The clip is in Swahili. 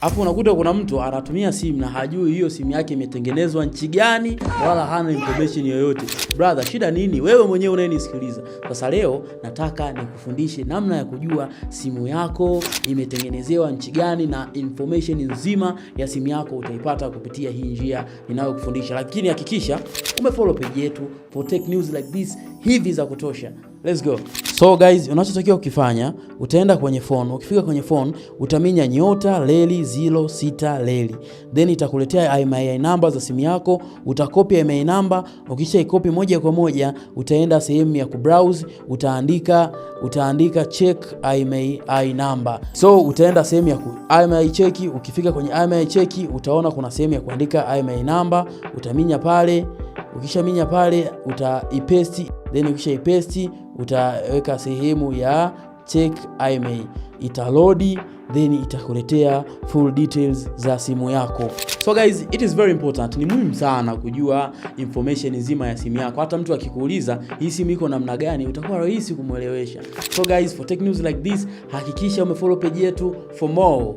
Hapo unakuta kuna mtu anatumia simu na hajui hiyo simu yake imetengenezwa nchi gani, wala hana information yoyote. Brother, shida nini? Wewe mwenyewe unayenisikiliza sasa, leo nataka nikufundishe namna ya kujua simu yako imetengenezewa nchi gani, na information nzima ya simu yako utaipata kupitia hii njia ninayokufundisha. Lakini hakikisha umefollow page yetu for tech news like this hivi za kutosha. Let's go. So guys, unachotakiwa ukifanya utaenda kwenye phone. Ukifika kwenye phone utaminya nyota leli zilo sita leli, then itakuletea IMEI namba za simu yako. Utakopi IMEI namba, ukisha ikopi moja kwa moja utaenda sehemu ya kubrowse, utaandika utaandika check MII namba. So utaenda sehemu ya ku MII Ukifika kwenye IMEI cheki utaona kuna sehemu ya kuandika IMEI namba, utaminya pale Ukishaminya pale utaipesti, then ukishaipesti utaweka sehemu ya check IMEI, italodi then itakuletea full details za simu yako. So guys, it is very important. Ni muhimu sana kujua information nzima ya simu yako. Hata mtu akikuuliza hii simu iko namna gani, utakuwa rahisi kumwelewesha. So guys, for tech news like this, hakikisha umefollow page yetu for more.